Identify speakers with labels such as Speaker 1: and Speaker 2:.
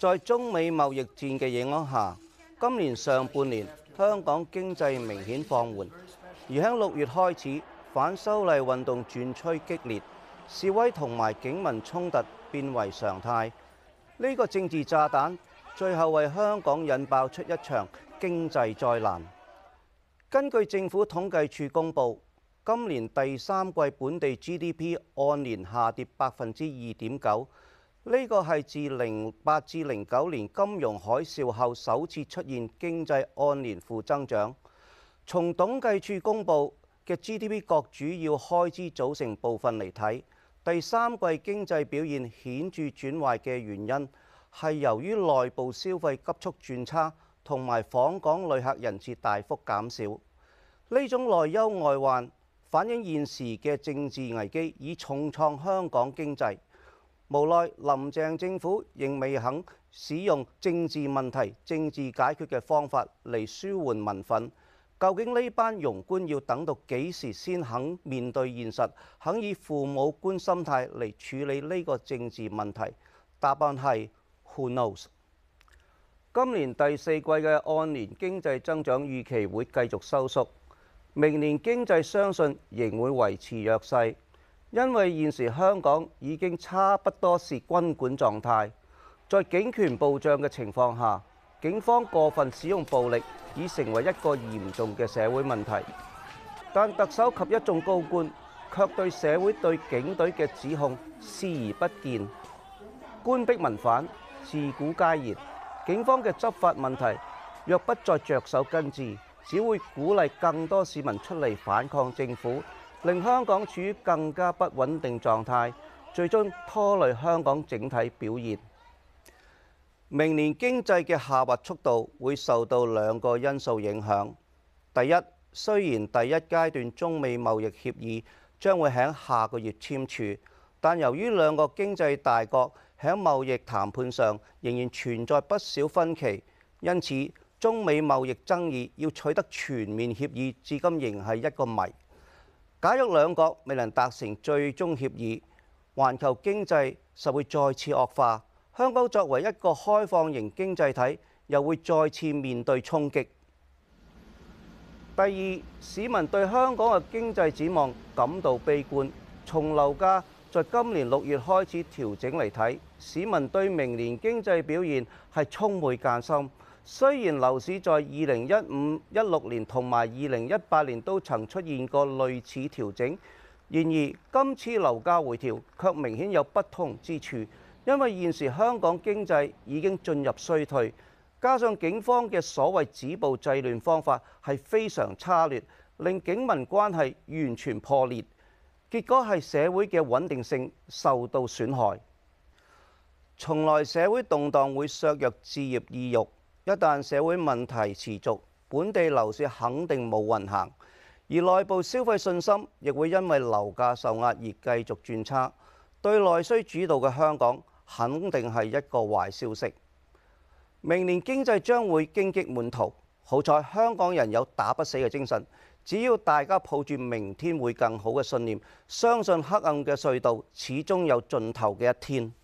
Speaker 1: 在中美貿易戰嘅影響下，今年上半年香港經濟明顯放緩，而喺六月開始反修例運動轉趨激烈，示威同埋警民衝突變為常態。呢個政治炸彈最後為香港引爆出一場經濟災難。根據政府統計處公佈，今年第三季本地 GDP 按年下跌百分之二點九。呢個係自零八至零九年金融海嘯後首次出現經濟按年負增長。從統計處公佈嘅 GDP 各主要開支組成部分嚟睇，第三季經濟表現顯著轉壞嘅原因係由於內部消費急速轉差，同埋訪港旅客人次大幅減少。呢種內憂外患反映現時嘅政治危機，已重創香港經濟。無奈林鄭政府仍未肯使用政治問題、政治解決嘅方法嚟舒緩民憤。究竟呢班庸官要等到幾時先肯面對現實，肯以父母官心態嚟處理呢個政治問題？答案係 Who knows。今年第四季嘅按年經濟增長預期會繼續收縮，明年經濟相信仍會維持弱勢。因為現時香港已經差不多是軍管狀態，在警權暴漲嘅情況下，警方過分使用暴力已成為一個嚴重嘅社會問題。但特首及一眾高官卻對社會對警隊嘅指控視而不見，官逼民反自古皆然。警方嘅執法問題若不再着手根治，只會鼓勵更多市民出嚟反抗政府。令香港處於更加不穩定狀態，最終拖累香港整體表現。明年經濟嘅下滑速度會受到兩個因素影響。第一，雖然第一階段中美貿易協議將會喺下個月簽署，但由於兩個經濟大國喺貿易談判上仍然存在不少分歧，因此中美貿易爭議要取得全面協議，至今仍係一個謎。假若兩國未能達成最終協議，環球經濟就會再次惡化，香港作為一個開放型經濟體，又會再次面對衝擊。第二，市民對香港嘅經濟展望感到悲觀。從樓價在今年六月開始調整嚟睇，市民對明年經濟表現係充滿戒心。雖然樓市在二零一五、一六年同埋二零一八年都曾出現過類似調整，然而今次樓價回調卻明顯有不同之處，因為現時香港經濟已經進入衰退，加上警方嘅所謂止暴制亂方法係非常差劣，令警民關係完全破裂，結果係社會嘅穩定性受到損害。從來社會動盪會削弱置業意欲。一旦社會問題持續，本地樓市肯定冇運行，而內部消費信心亦會因為樓價受壓而繼續轉差，對內需主導嘅香港肯定係一個壞消息。明年經濟將會荊棘滿途，好彩香港人有打不死嘅精神，只要大家抱住明天會更好嘅信念，相信黑暗嘅隧道始終有盡頭嘅一天。